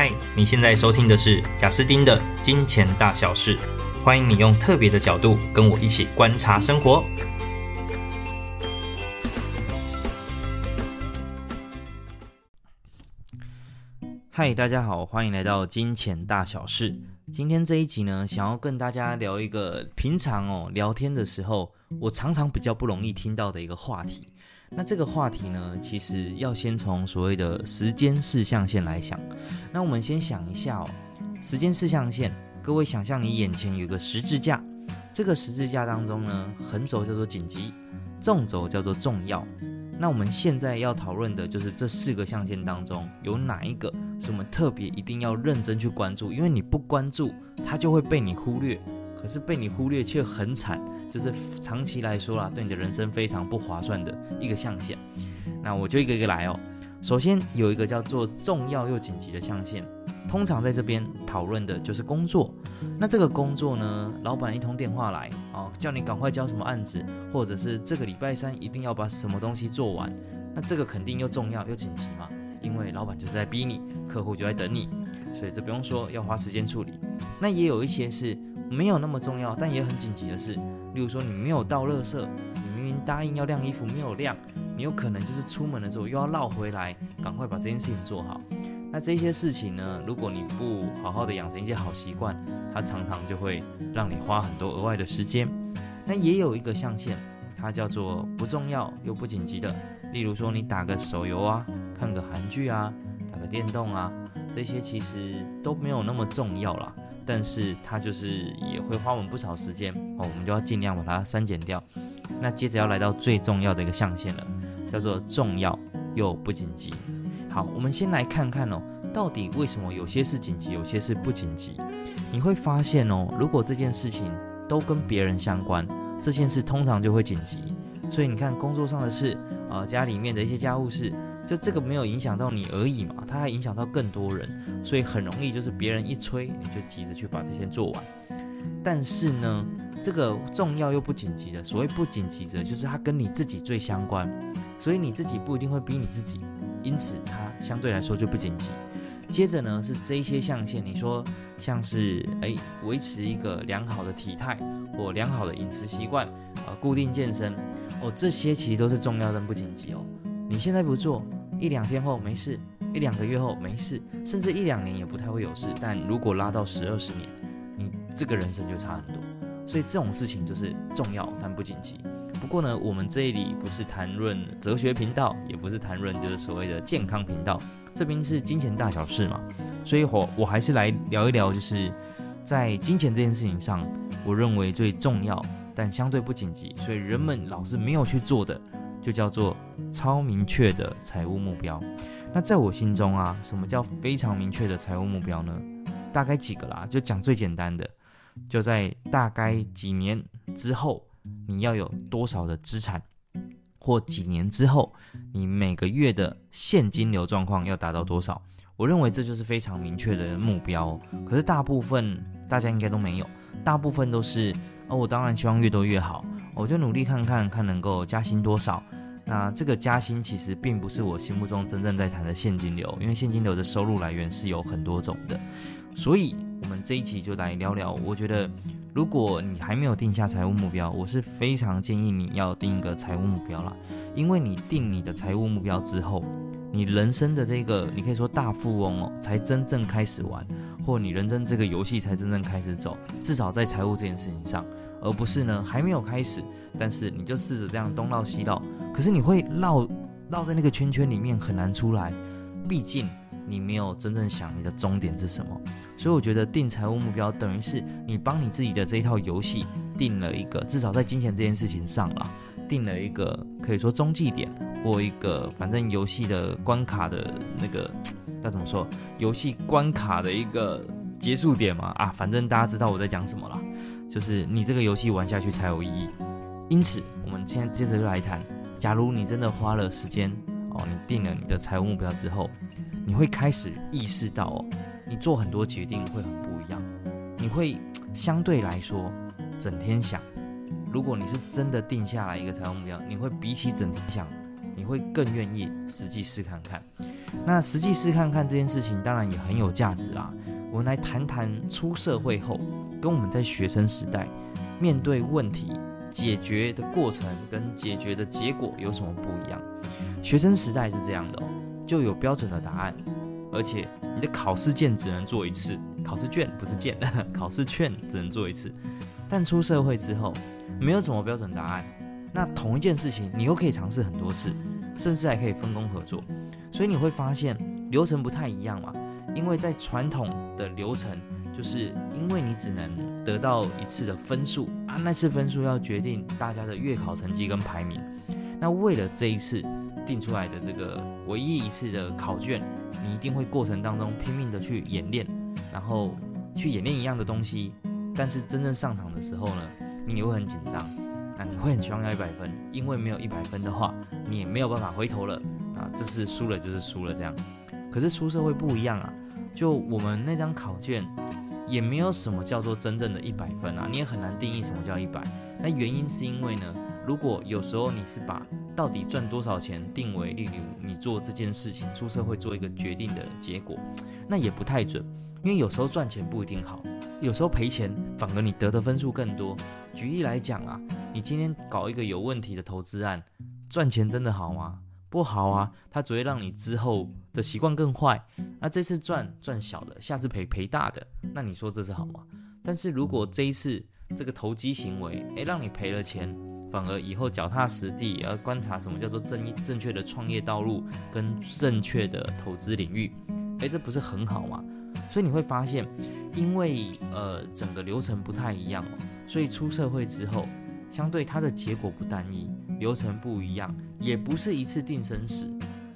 嗨，你現在收聽的是賈斯丁的《金錢大小事》，歡迎你用特別的角度跟我一起觀察生活。嗨，大家好，歡迎來到《金錢大小事》。今天這一集呢，想要跟大家聊一個平常哦聊天的時候，我常常比較不容易聽到的一個話題。那這個話題呢，其實要先從所謂的時間四象限來想。那我們先想一下哦，時間四象限，各位想象你眼前有個十字架，這個十字架當中呢，橫軸叫做緊急，縱軸叫做重要。那我們現在要討論的就是這四個象限當中，有哪一個是我們特別一定要認真去關注？因為你不關注，它就會被你忽略，可是被你忽略卻很慘。就是長期來說啦，對你的人生非常不划算的一個象限。那我就一個一個來哦。首先有一個叫做重要又緊急的象限，通常在這邊討論的就是工作。那這個工作呢，老闆一通電話來哦，叫你趕快交什麼案子，或者是這個禮拜三一定要把什麼東西做完。那這個肯定又重要又緊急嘛，因為老闆就是在逼你，客戶就在等你，所以這不用說要花時間處理。那也有一些是。沒有那麼重要，但也很緊急的事，例如說你沒有倒垃圾，你明明答應要晾衣服，沒有晾，你有可能就是出門的時候又要繞回來，趕快把這件事情做好。那這些事情呢，如果你不好好的養成一些好習慣，它常常就會讓你花很多額外的時間。那也有一個象限，它叫做不重要又不緊急的，例如說你打個手遊啊，看個韓劇啊，打個電動啊，這些其實都沒有那麼重要啦。但是它就是也會花我們不少時間哦，我們就要盡量把它刪減掉。那接着要來到最重要的一個象限了，叫做重要又不緊急。好，我們先來看看哦，到底為什麼有些事緊急，有些事不緊急？你會發現哦，如果這件事情都跟別人相關，這件事通常就會緊急。所以你看，工作上的事啊，呃，家裡面的一些家務事。就這個沒有影響到你而已嘛，它還影響到更多人，所以很容易就是別人一催你就急着去把這些做完。但是呢，這個重要又不緊急的，所謂不緊急的，就是它跟你自己最相關，所以你自己不一定會逼你自己，因此它相對來說就不緊急。接着呢是這些象限，你說像是哎，維持一個良好的體態或良好的飲食習慣啊，固定健身哦，這些其實都是重要但不緊急哦，你現在不做，一兩天後沒事，一兩個月後沒事，甚至一兩年也不太會有事。但如果拉到十二十年，你這個人生就差很多。所以這種事情就是重要但不緊急。不過呢，我們這裡不是談論哲學頻道，也不是談論就是所謂的健康頻道，這邊是金錢大小事嘛。所以，我我還是來聊一聊，就是在金錢這件事情上，我認為最重要但相對不緊急，所以人們老是沒有去做的，就叫做超明確的財務目標。那在我心中啊，什麼叫非常明確的財務目標呢？大概幾個啦？就講最簡單的，就在大概幾年之後，你要有多少的資產，或幾年之後，你每個月的現金流狀況要達到多少？我認為這就是非常明確的目標。可是大部分大家應該都沒有，大部分都是哦，我當然希望越多越好，我就努力看看看能夠加薪多少。那這個加薪其實並不是我心目中真正在談的現金流，因為現金流的收入來源是有很多種的，所以我們這一期就來聊聊。我覺得，如果你還沒有定下財務目標，我是非常建議你要定一個財務目標啦。因為你定你的財務目標之後，你人生的這個你可以說大富翁哦，才真正開始玩，或你人生這個遊戲才真正開始走，至少在財務這件事情上，而不是呢還沒有開始，但是你就試着這樣東繞西繞。可是你會繞繞在那個圈圈裡面，很難出來。畢竟你沒有真正想你的終點是什麼，所以我覺得定財務目標等於是你幫你自己的這一套遊戲定了一個，至少在金錢這件事情上啊，定了一個可以說中繼點或一個反正遊戲的關卡的那個那怎麼說？遊戲關卡的一個結束點嘛啊，反正大家知道我在講什麼啦，就是你這個遊戲玩下去才有意義。因此，我們今天接着就來談。假如你真的花了時間哦，你定了你的財務目標之後，你會開始意識到哦，你做很多決定會很不一樣。你會相對來說整天想，如果你是真的定下來一個財務目標，你會比起整天想，你會更願意實際試看看。那實際試看看這件事情當然也很有價值啦。我們來談談出社會後跟我們在學生時代面對問題解決的過程跟解決的結果有什麼不一樣？學生時代是這樣的，就有標準的答案，而且你的考試卷只能做一次。考試卷不是卷，考試卷只能做一次。但出社會之後，沒有什麼標準答案，那同一件事情你又可以嘗試很多次，甚至還可以分工合作。所以你會發現流程不太一樣嘛，因為在傳統的流程，就是因為你只能得到一次的分數啊，那次分數要決定大家的月考成績跟排名。那為了這一次定出來的這個唯一一次的考卷，你一定會過程當中拼命的去演練，然後去演練一樣的東西。但是真正上場的時候呢，你也會很緊張，那你會很希望要一百分，因為沒有一百分的話，你也沒有辦法回頭了啊，這次輸了就是輸了這樣。可是出社會不一樣啊，就我們那張考卷。也沒有什麼叫做真正的一百分啊，你也很難定義什麼叫一百。那原因是因為呢，如果有時候你是把到底賺多少錢定為，例如你做這件事情出社會做一個決定的結果，那也不太準，因為有時候賺錢不一定好，有時候賠錢反而你得的分數更多。舉例來講啊，你今天搞一個有問題的投資案，賺錢真的好嗎？不好啊，它只會讓你之後的習慣更壞。那這次賺賺小的，下次賠賠大的，那你說這是好嗎？但是如果這一次這個投機行為，誒，讓你賠了錢，反而以後腳踏實地，而觀察什麼叫做正正確的創業道路跟正確的投資領域，誒，這不是很好嗎？所以你會發現，因為呃整個流程不太一樣哦，所以出社會之後，相對它的結果不單一。流程不一樣，也不是一次定生死，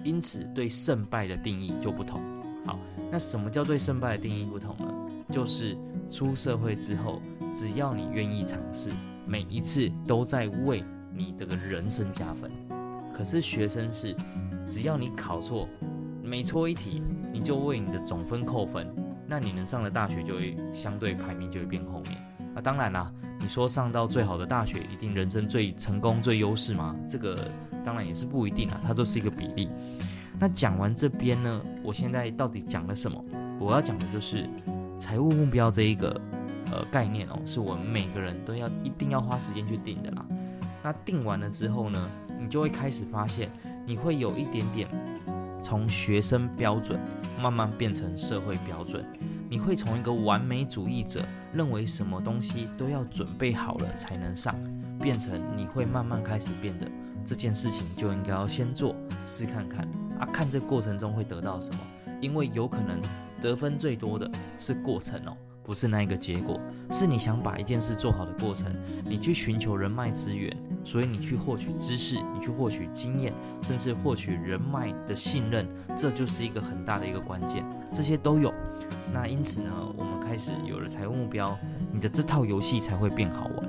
因此對勝敗的定義就不同。好，那什麼叫對勝敗的定義不同呢？就是出社會之後，只要你願意嘗試，每一次都在為你這個人生加分。可是學生是，只要你考錯，每錯一題，你就為你的總分扣分，那你能上的大學就會相對排名就會變後面。啊，當然啦，你說上到最好的大學，一定人生最成功、最優勢嗎？這個當然也是不一定啊，它就是一個比例。那講完這邊呢，我現在到底講了什麼？我要講的就是財務目標這一個呃概念哦，是我們每個人都要一定要花時間去定的啦。那定完了之後呢，你就會開始發現，你會有一點點從學生標準慢慢變成社會標準。你會從一個完美主義者，認為什麼東西都要準備好了才能上，變成你會慢慢開始變得這件事情就應該要先做試看看啊，看這過程中會得到什麼，因為有可能得分最多的是過程哦。不是那一個結果，是你想把一件事做好的過程，你去尋求人脈資源，所以你去獲取知識，你去獲取經驗，甚至獲取人脈的信任，這就是一個很大的一個關鍵。這些都有，那因此呢，我們開始有了財務目標，你的這套遊戲才會變好玩。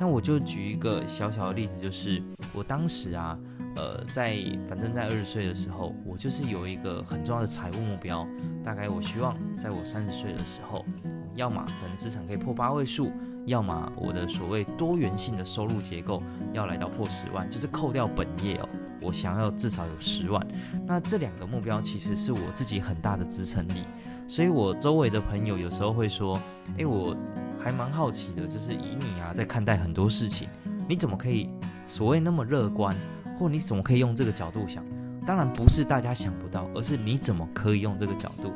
那我就舉一個小小的例子，就是我當時啊，呃，在反正在二十歲的時候，我就是有一個很重要的財務目標，大概我希望在我三十歲的時候。要麼可能資產可以破八位數，要麼我的所謂多元性的收入結構要來到破十萬，就是扣掉本業哦，我想要至少有十萬。那這兩個目標其實是我自己很大的支撐力，所以我周圍的朋友有時候會說，誒，我還蠻好奇的，就是以你啊在看待很多事情，你怎麼可以所謂那麼樂觀，或你怎麼可以用這個角度想？當然不是大家想不到，而是你怎麼可以用這個角度？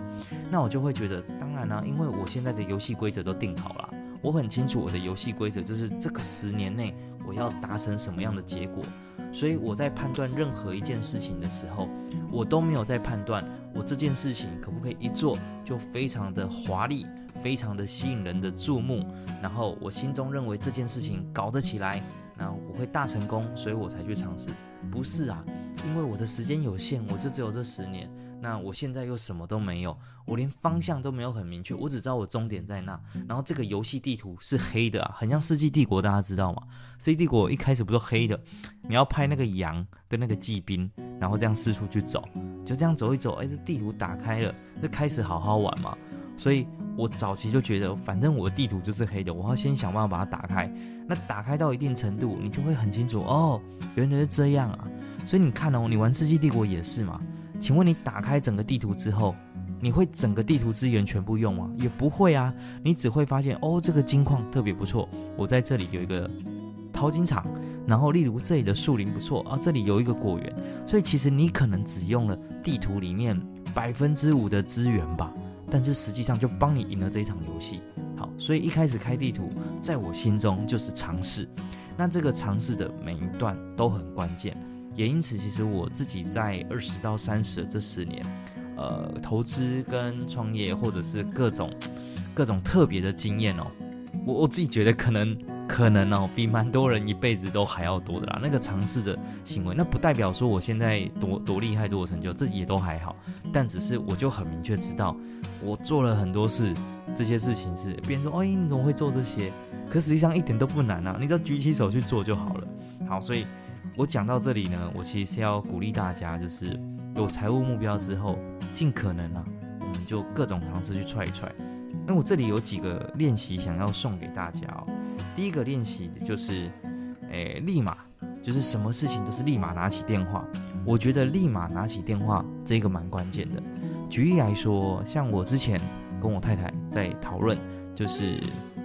那我就會覺得，當然啊，因為我現在的遊戲規則都定好了，我很清楚我的遊戲規則就是這個十年內我要達成什麼樣的結果。所以我在判斷任何一件事情的時候，我都沒有在判斷我這件事情可不可以一做就非常的華麗，非常的吸引人的注目。然後我心中認為這件事情搞得起來，那我會大成功，所以我才去嘗試。不是啊。因為我的時間有限，我就只有這十年。那我現在又什麼都沒有，我連方向都沒有很明確。我只知道我終點在哪，然後這個遊戲地圖是黑的，啊，很像《世紀帝國》，大家知道嗎？《世紀帝國》一開始不都黑的？你要派那個羊跟那個騎兵，然後這樣四處去走，就這樣走一走，哎，這地圖打開了，這開始好好玩嘛。所以我早期就覺得，反正我的地圖就是黑的，我要先想辦法把它打開。那打開到一定程度，你就會很清楚哦，原來是這樣啊。所以你看哦，你玩《世紀帝國》也是嘛？請問你打開整個地圖之後，你會整個地圖資源全部用嗎？也不會啊，你只會發現哦，這個金礦特別不錯，我在這裡有一個淘金場。然後，例如這裡的樹林不錯啊，這裡有一個果園。所以其實你可能只用了地圖裡面百分之五的資源吧，但是實際上就幫你贏了這一場遊戲。好，所以一開始開地圖，在我心中就是嘗試。那這個嘗試的每一段都很關鍵。也因此，其實我自己在二十到三十這十年，呃，投資跟創業，或者是各種各種特別的經驗哦，我我自己覺得可能可能哦，比蠻多人一輩子都還要多的啦。那個嘗試的行為，那不代表說我現在多多厲害、多有成就，這也都還好。但只是我就很明確知道，我做了很多事，這些事情是別人說：“哎，你怎麼會做這些？”可實際上一點都不難啊，你只要舉起手去做就好了。好，所以。我講到這裡呢，我其實是要鼓勵大家，就是有財務目標之後，盡可能啊，我們就各種方式去踹一踹。那我這裡有幾個練習想要送給大家哦。第一個練習就是，誒，立馬就是什麼事情都是立馬拿起電話。我覺得立馬拿起電話這個蠻關鍵的。舉例來說，像我之前跟我太太在討論，就是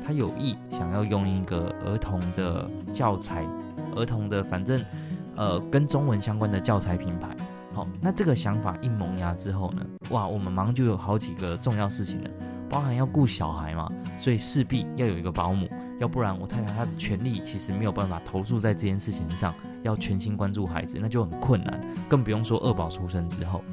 她有意想要用一個兒童的教材。兒童的，反正，呃，跟中文相關的教材品牌。好，哦，那這個想法一萌芽之後呢，哇，我們馬上就有好幾個重要事情了，包含要顧小孩嘛，所以勢必要有一個保姆，要不然我太太她的全力其實沒有辦法投注在這件事情上，要全心關注孩子，那就很困難，更不用說二寶出生之後，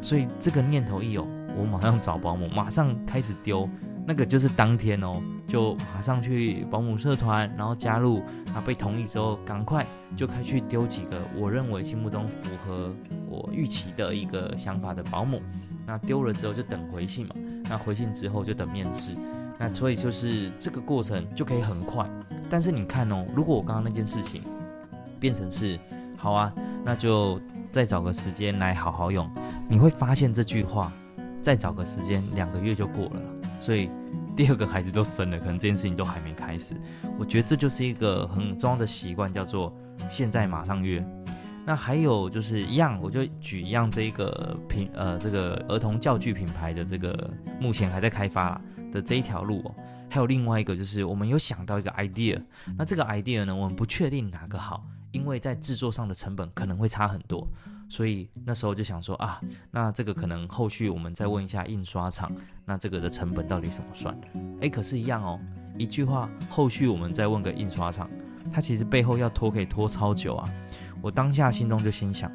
所以這個念頭一有，我馬上找保姆，馬上開始丟，那個就是當天哦。就馬上去保姆社團，然後加入，那被同意之後，趕快就開去丟幾個我認為心目中符合我預期的一個想法的保姆。那丟了之後就等回信嘛，那回信之後就等面試，那所以就是這個過程就可以很快。但是你看哦，如果我剛剛那件事情變成是好啊，那就再找個時間來好好用。你會發現這句話，再找個時間，兩個月就過了了，所以。第二個孩子都生了，可能這件事情都還沒開始。我覺得這就是一個很重要的習慣，叫做現在馬上約。那還有就是一樣，我就舉一樣，這一個品，呃，這個兒童教具品牌的這個目前還在開發的這一條路哦。還有另外一個就是我們有想到一個 idea，那這個 idea 呢，我們不確定哪個好。因為在製作上的成本可能會差很多，所以那時候就想說啊，那這個可能後續我們再問一下印刷廠，那這個的成本到底怎麼算？誒，可是，一樣哦。一句話，後續我們再問個印刷廠，他其實背後要拖可以拖超久啊。我當下心中就心想，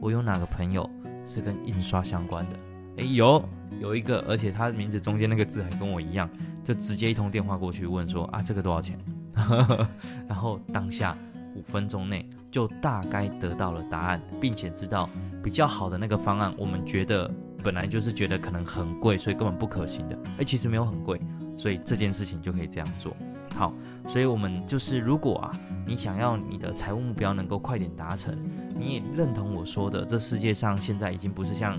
我有哪個朋友是跟印刷相關的？誒，有，有一個，而且他的名字中間那個字還跟我一樣，就直接一通電話過去問說啊，這個多少錢？ 然後當下。五分鐘內就大概得到了答案，並且知道比較好的那個方案。我們覺得本來就是覺得可能很貴，所以根本不可行的。誒，其實沒有很貴，所以這件事情就可以這樣做。好，所以我們就是，如果啊，你想要你的財務目標能夠快點達成，你也認同我說的，這世界上現在已經不是像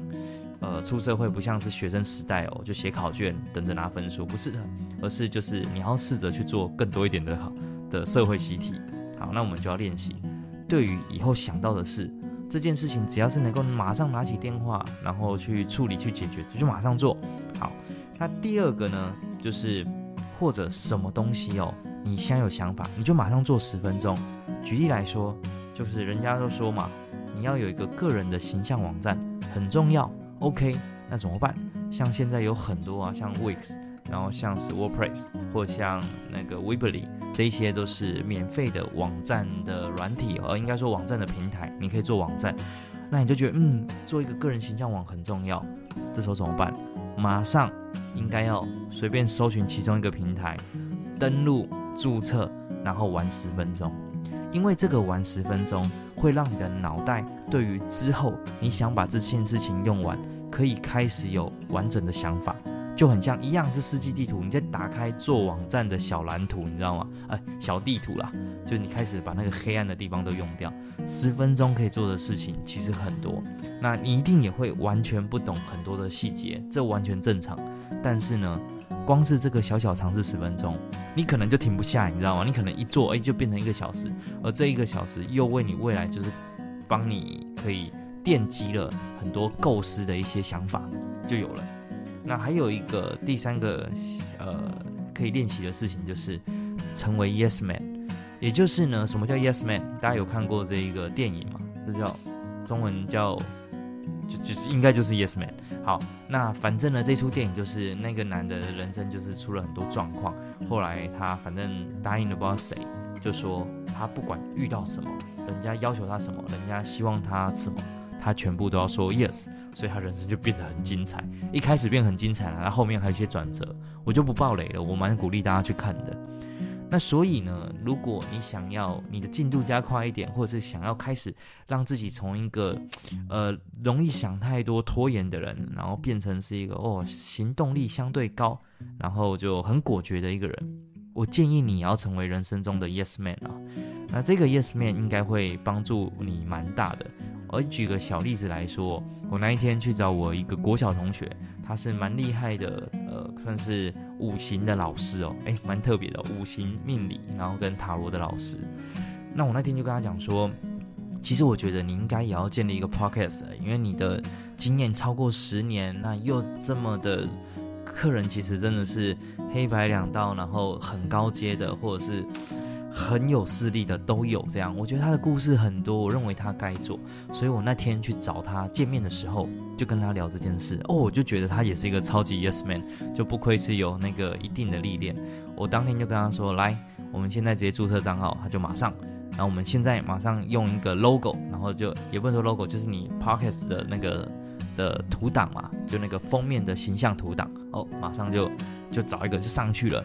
呃出社會不像是學生時代哦，就寫考卷等着拿分數，不是的，而是就是你要試着去做更多一點的好的社會習題。那我們就要練習，對於以後想到的事，這件事情只要是能夠馬上拿起電話，然後去處理去解決，就馬上做。好，那第二個呢，就是或者什麽東西哦，你先有想法，你就馬上做十分鐘。舉例來說，就是人家都說嘛，你要有一個個人的形象網站很重要。OK，那怎麼辦？像現在有很多啊，像 Wix，然後像是 WordPress 或像那個 Weebly。這些都是免費的網站的軟體，而應該說網站的平台，你可以做網站。那你就覺得，嗯，做一個個人形象網很重要。這時候怎麼辦？馬上應該要隨便搜尋其中一個平台，登錄注冊，然後玩十分鐘。因為這個玩十分鐘，會讓你的腦袋對於之後你想把這件事情用完，可以開始有完整的想法。就很像一樣是世紀地圖，你在打開做網站的小藍圖，你知道嗎？欸，小地圖啦，就你開始把那個黑暗的地方都用掉，十分鐘可以做的事情其實很多。那你一定也會完全不懂很多的細節，這完全正常。但是呢，光是這個小小嘗試十分鐘，你可能就停不下欸，你知道嗎？你可能一做，哎、欸，就變成一個小時，而這一個小時又為你未來就是幫你可以奠基了很多構思的一些想法就有了。那還有一個第三個，呃，可以練習的事情就是成為 yes man，也就是呢，什麼叫 yes man？大家有看過這一個電影嗎？這叫中文叫，就就是應該就是 yes man。好，那反正呢，這出電影就是那個男的人生就是出了很多狀況，後來他反正答應了不知道誰，就說他不管遇到什麼，人家要求他什麼，人家希望他什麼。他全部都要說 yes，所以他人生就變得很精彩，一開始變很精彩了，然後後面還有一些轉折，我就不暴雷了，我蠻鼓勵大家去看的。那所以呢，如果你想要你的進度加快一點，或者是想要開始讓自己從一個呃容易想太多、拖延的人，然後變成是一個哦行動力相對高，然後就很果決的一個人，我建議你要成為人生中的 yes man 啊，那這個 yes man 應該會幫助你蠻大的。而舉個小例子來說，我那一天去找我一個國小同學，他是蠻厲害的，呃，算是五行的老師哦，誒，蠻特別的，五行命理，然後跟塔羅的老師。那我那天就跟他講說，其實我覺得你應該也要建立一個 podcast，因為你的經驗超過十年，那又這麼的客人其實真的是黑白兩道，然後很高階的，或者是。很有勢力的都有這樣，我覺得他的故事很多，我認為他該做，所以我那天去找他見面的時候，就跟他聊這件事。哦，我就覺得他也是一個超級 yes man，就不愧是有那個一定的歷練。我當天就跟他說，來，我們現在直接注冊賬號，他就馬上。然後我們現在馬上用一個 logo，然後就也不能說 logo，就是你 podcast 的那個的圖檔嘛，就那個封面的形象圖檔。哦，馬上就就找一個就上去了。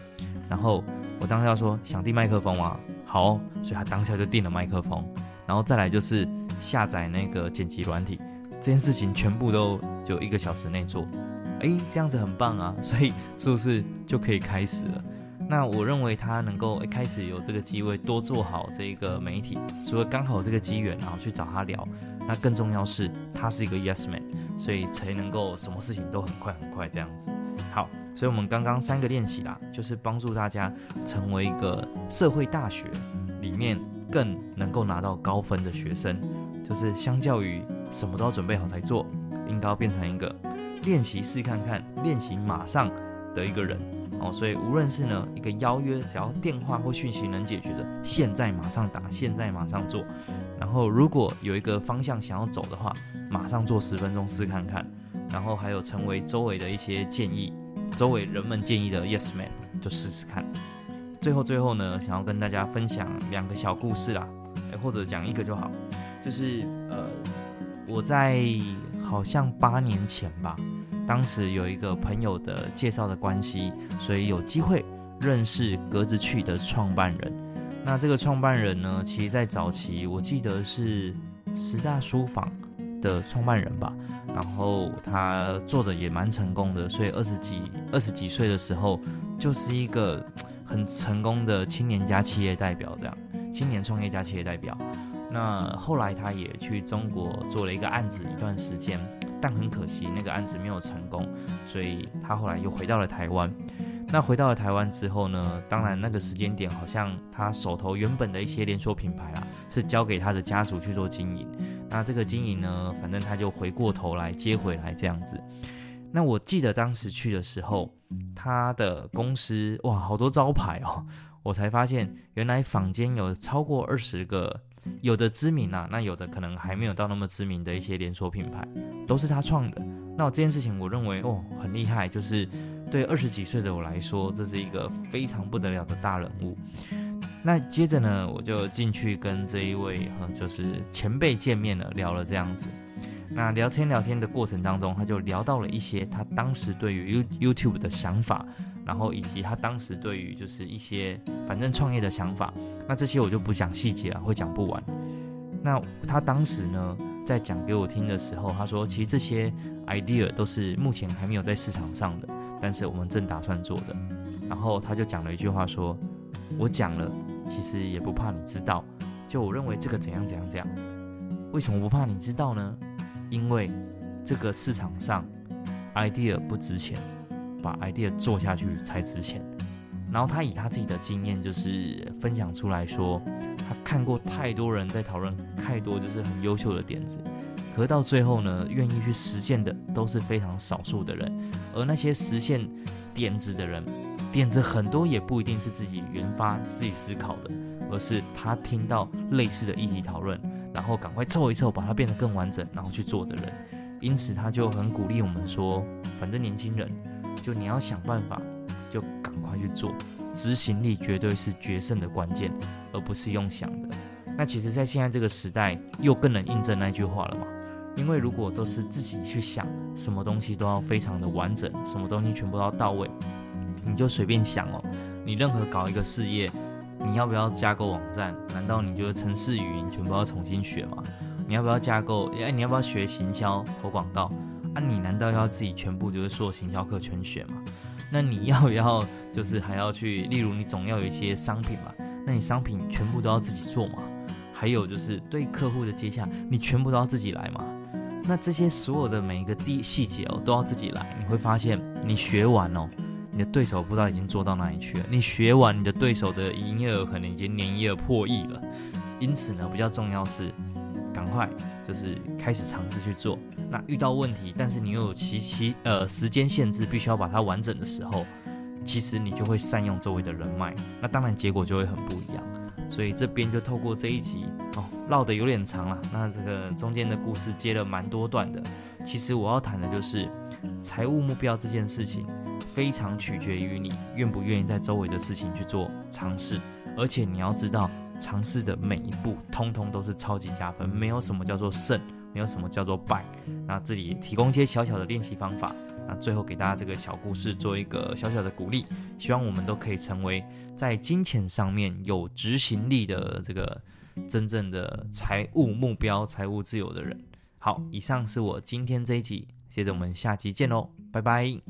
然後我當下要說想訂麥克風啊，好、哦，所以他當下就訂了麥克風，然後再來就是下載那個剪輯軟體，這件事情全部都就一個小時內做，哎，這樣子很棒啊，所以是不是就可以開始了？那我認為他能夠一開始有這個機會多做好這個媒體，所以剛好這個機緣然後去找他聊，那更重要是他是一個 Yes Man，所以才能夠什麼事情都很快很快這樣子，好。所以，我們剛剛三個練習啦，就是幫助大家成為一個社會大學裡面更能夠拿到高分的學生。就是相較於什麼都要準備好才做，應該要變成一個練習試看看，練習馬上的一個人哦。所以，無論是呢一個邀約，只要電話或訊息能解決的，現在馬上打，現在馬上做。然後，如果有一個方向想要走的話，馬上做十分鐘試看看。然後，還有成為周圍的一些建議。周圍人們建議的 Yes Man 就試試看。最後最後呢，想要跟大家分享兩個小故事啦，哎、欸，或者講一個就好。就是呃，我在好像八年前吧，當時有一個朋友的介紹的關係，所以有機會認識格子趣的創辦人。那這個創辦人呢，其實在早期我記得是十大書房的創辦人吧。然後他做的也蠻成功的，所以二十幾二十幾歲的時候，就是一個很成功的青年家企業代表樣，青年創業家企業代表。那後來他也去中國做了一個案子一段時間，但很可惜那個案子沒有成功，所以他後來又回到了台灣。那回到了台灣之後呢，當然那個時間點好像他手頭原本的一些連鎖品牌啊，是交給他的家族去做經營。那這個經營呢，反正他就回過頭來接回來這樣子。那我記得當時去的時候，他的公司哇，好多招牌哦，我才發現原來坊間有超過二十個，有的知名啊，那有的可能還沒有到那麼知名的一些連鎖品牌，都是他創的。那我這件事情，我認為哦，很厲害，就是對二十幾歲的我來說，這是一個非常不得了的大人物。那接着呢，我就進去跟這一位哈，就是前輩見面了，聊了這樣子。那聊天聊天的過程當中，他就聊到了一些他當時對於 You YouTube 的想法，然後以及他當時對於就是一些反正創業的想法。那這些我就不講細節了，會講不完。那他當時呢，在講給我聽的時候，他說其實這些 idea 都是目前還沒有在市場上的，但是我們正打算做的。然後他就講了一句話說：“我講了。”其實也不怕你知道，就我認為這個怎樣怎樣怎樣，為什麼不怕你知道呢？因為這個市場上 idea 不值錢，把 idea 做下去才值錢。然後他以他自己的經驗，就是分享出來說，他看過太多人在討論太多，就是很優秀的點子。而到最後呢，願意去實現的都是非常少數的人，而那些實現點子的人，點子很多也不一定是自己研發、自己思考的，而是他聽到類似的議題討論，然後趕快湊一湊，把它變得更完整，然後去做的人。因此，他就很鼓勵我們說：“反正年輕人，就你要想辦法，就趕快去做，執行力絕對是決勝的關鍵，而不是用想的。”那其實，在現在這個時代，又更能印證那句話了嘛。因為如果都是自己去想，什麼東西都要非常的完整，什麼東西全部都要到位，你就隨便想哦。你任何搞一個事業，你要不要架構網站？難道你就是程式語言全部要重新學嗎？你要不要架構？哎，你要不要學行銷投廣告啊？你難道要自己全部就是做行銷課全學嗎？那你要不要就是還要去？例如你總要有一些商品嘛，那你商品全部都要自己做嗎？還有就是對客戶的接洽，你全部都要自己來嗎？那這些所有的每一個細細節哦，都要自己來。你會發現，你學完哦，你的對手不知道已經做到哪裡去了。你學完，你的對手的營業額可能已經年營業額破億了。因此呢，比較重要是，嗯、趕快就是開始嘗試去做。那遇到問題，但是你又有其其呃時間限制，必須要把它完整的時候，其實你就會善用周圍的人脈。那當然結果就會很不一樣。所以這邊就透過這一集。哦，繞得有點長了，那這個中間的故事接了蠻多段的。其實我要談的就是財務目標這件事情，非常取決於你願不願意在周圍的事情去做嘗試，而且你要知道嘗試的每一步，通通都是超級加分，沒有什麼叫做勝，沒有什麼叫做敗。那這裡提供一些小小的練習方法，那最後給大家這個小故事做一個小小的鼓勵，希望我們都可以成為在金錢上面有執行力的這個。真正的財務目標、財務自由的人。好，以上是我今天這一集，接着我們下集見嘍，拜拜。